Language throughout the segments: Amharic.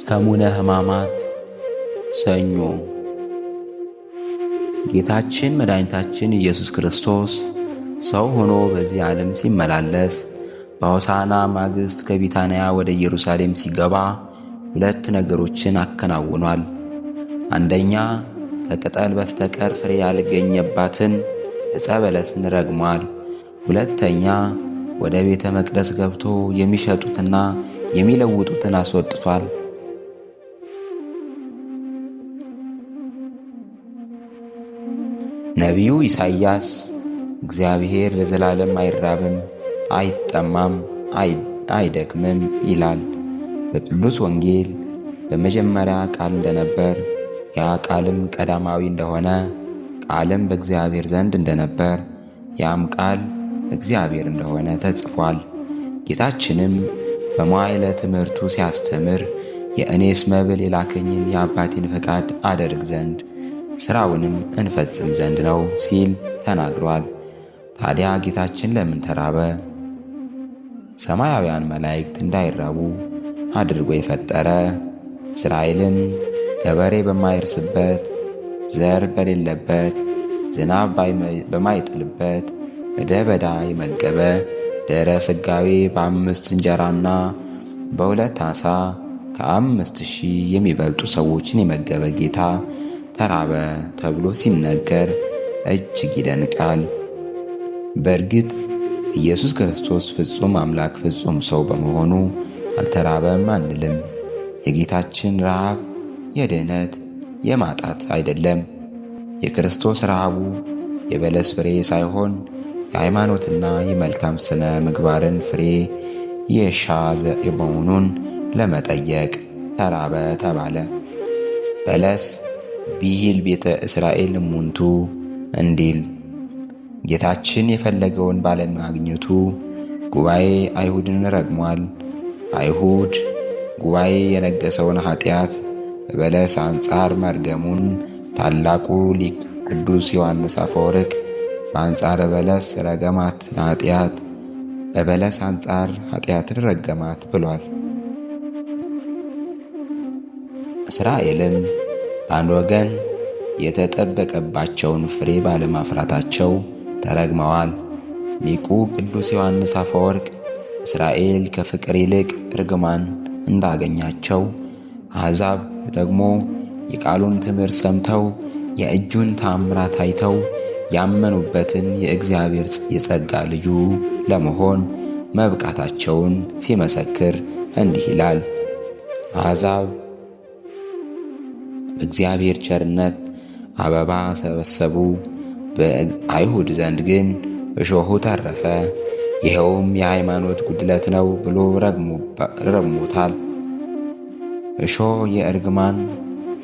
ሰሙነ ሕማማት ሰኞ ጌታችን መድኃኒታችን ኢየሱስ ክርስቶስ ሰው ሆኖ በዚህ ዓለም ሲመላለስ በሆሳና ማግስት ከቢታንያ ወደ ኢየሩሳሌም ሲገባ ሁለት ነገሮችን አከናውኗል። አንደኛ ከቅጠል በስተቀር ፍሬ ያልገኘባትን ዕፀ በለስን ረግሟል። ሁለተኛ ወደ ቤተ መቅደስ ገብቶ የሚሸጡትና የሚለውጡትን አስወጥቷል። ነቢዩ ኢሳይያስ እግዚአብሔር ለዘላለም አይራብም፣ አይጠማም፣ አይደክምም ይላል። በቅዱስ ወንጌል በመጀመሪያ ቃል እንደነበር፣ ያ ቃልም ቀዳማዊ እንደሆነ፣ ቃልም በእግዚአብሔር ዘንድ እንደነበር፣ ያም ቃል እግዚአብሔር እንደሆነ ተጽፏል። ጌታችንም በመዋዕለ ትምህርቱ ሲያስተምር የእኔስ መብል የላከኝን የአባቴን ፈቃድ አደርግ ዘንድ ሥራውንም እንፈጽም ዘንድ ነው ሲል ተናግሯል። ታዲያ ጌታችን ለምን ተራበ? ሰማያውያን መላእክት እንዳይራቡ አድርጎ የፈጠረ እስራኤልን ገበሬ በማይርስበት፣ ዘር በሌለበት፣ ዝናብ በማይጥልበት ዕደ በዳ የመገበ ደረ ስጋዊ በአምስት እንጀራና በሁለት ዓሣ ከአምስት ሺህ የሚበልጡ ሰዎችን የመገበ ጌታ ተራበ ተብሎ ሲነገር እጅግ ይደንቃል። በእርግጥ ኢየሱስ ክርስቶስ ፍጹም አምላክ ፍጹም ሰው በመሆኑ አልተራበም አንልም። የጌታችን ረሃብ የድህነት የማጣት አይደለም። የክርስቶስ ረሃቡ የበለስ ፍሬ ሳይሆን የሃይማኖትና የመልካም ስነ ምግባርን ፍሬ የሻ መሆኑን ለመጠየቅ ተራበ ተባለ። በለስ ቢሂል ቤተ እስራኤል ሙንቱ እንዲል ጌታችን የፈለገውን ባለማግኘቱ ጉባኤ አይሁድን ረግሟል። አይሁድ ጉባኤ የነገሰውን ኃጢአት በበለስ አንጻር መርገሙን ታላቁ ሊቅ ቅዱስ ዮሐንስ አፈወርቅ በአንጻረ በለስ ረገማት ለኃጢአት፣ በበለስ አንጻር ኃጢአትን ረገማት ብሏል። እስራኤልም በአንድ ወገን የተጠበቀባቸውን ፍሬ ባለማፍራታቸው ተረግመዋል። ሊቁ ቅዱስ ዮሐንስ አፈወርቅ እስራኤል ከፍቅር ይልቅ እርግማን እንዳገኛቸው አሕዛብ ደግሞ የቃሉን ትምህርት ሰምተው የእጁን ታምራት አይተው ያመኑበትን የእግዚአብሔር የጸጋ ልጁ ለመሆን መብቃታቸውን ሲመሰክር እንዲህ ይላል። አሕዛብ በእግዚአብሔር ቸርነት አበባ ሰበሰቡ፣ በአይሁድ ዘንድ ግን እሾሁ ተረፈ፣ ይኸውም የሃይማኖት ጉድለት ነው ብሎ ረግሞታል። እሾህ የእርግማን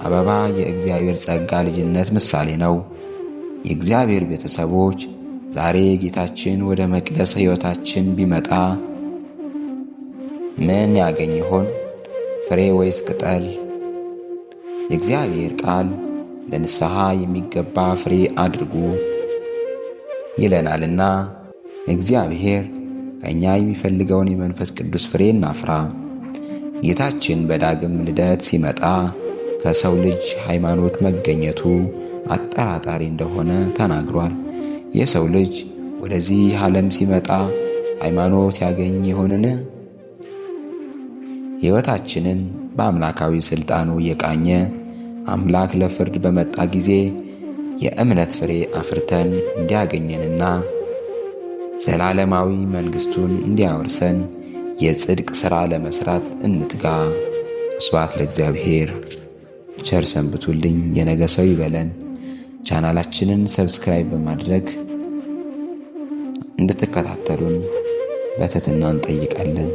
አበባ የእግዚአብሔር ጸጋ ልጅነት ምሳሌ ነው። የእግዚአብሔር ቤተሰቦች ዛሬ ጌታችን ወደ መቅደስ ሕይወታችን ቢመጣ ምን ያገኝ ይሆን? ፍሬ ወይስ ቅጠል? የእግዚአብሔር ቃል ለንስሐ የሚገባ ፍሬ አድርጉ ይለናልና እግዚአብሔር ከእኛ የሚፈልገውን የመንፈስ ቅዱስ ፍሬ እናፍራ። ጌታችን በዳግም ልደት ሲመጣ ከሰው ልጅ ሃይማኖት መገኘቱ አጠራጣሪ እንደሆነ ተናግሯል። የሰው ልጅ ወደዚህ ዓለም ሲመጣ ሃይማኖት ያገኝ ይሆንን? ሕይወታችንን በአምላካዊ ሥልጣኑ እየቃኘ አምላክ ለፍርድ በመጣ ጊዜ የእምነት ፍሬ አፍርተን እንዲያገኘንና ዘላለማዊ መንግሥቱን እንዲያወርሰን የጽድቅ ሥራ ለመሥራት እንትጋ። ስብሐት ለእግዚአብሔር። ቸር ሰንብቱልኝ። የነገ ሰው ይበለን። ቻናላችንን ሰብስክራይብ በማድረግ እንድትከታተሉን በትትና እንጠይቃለን።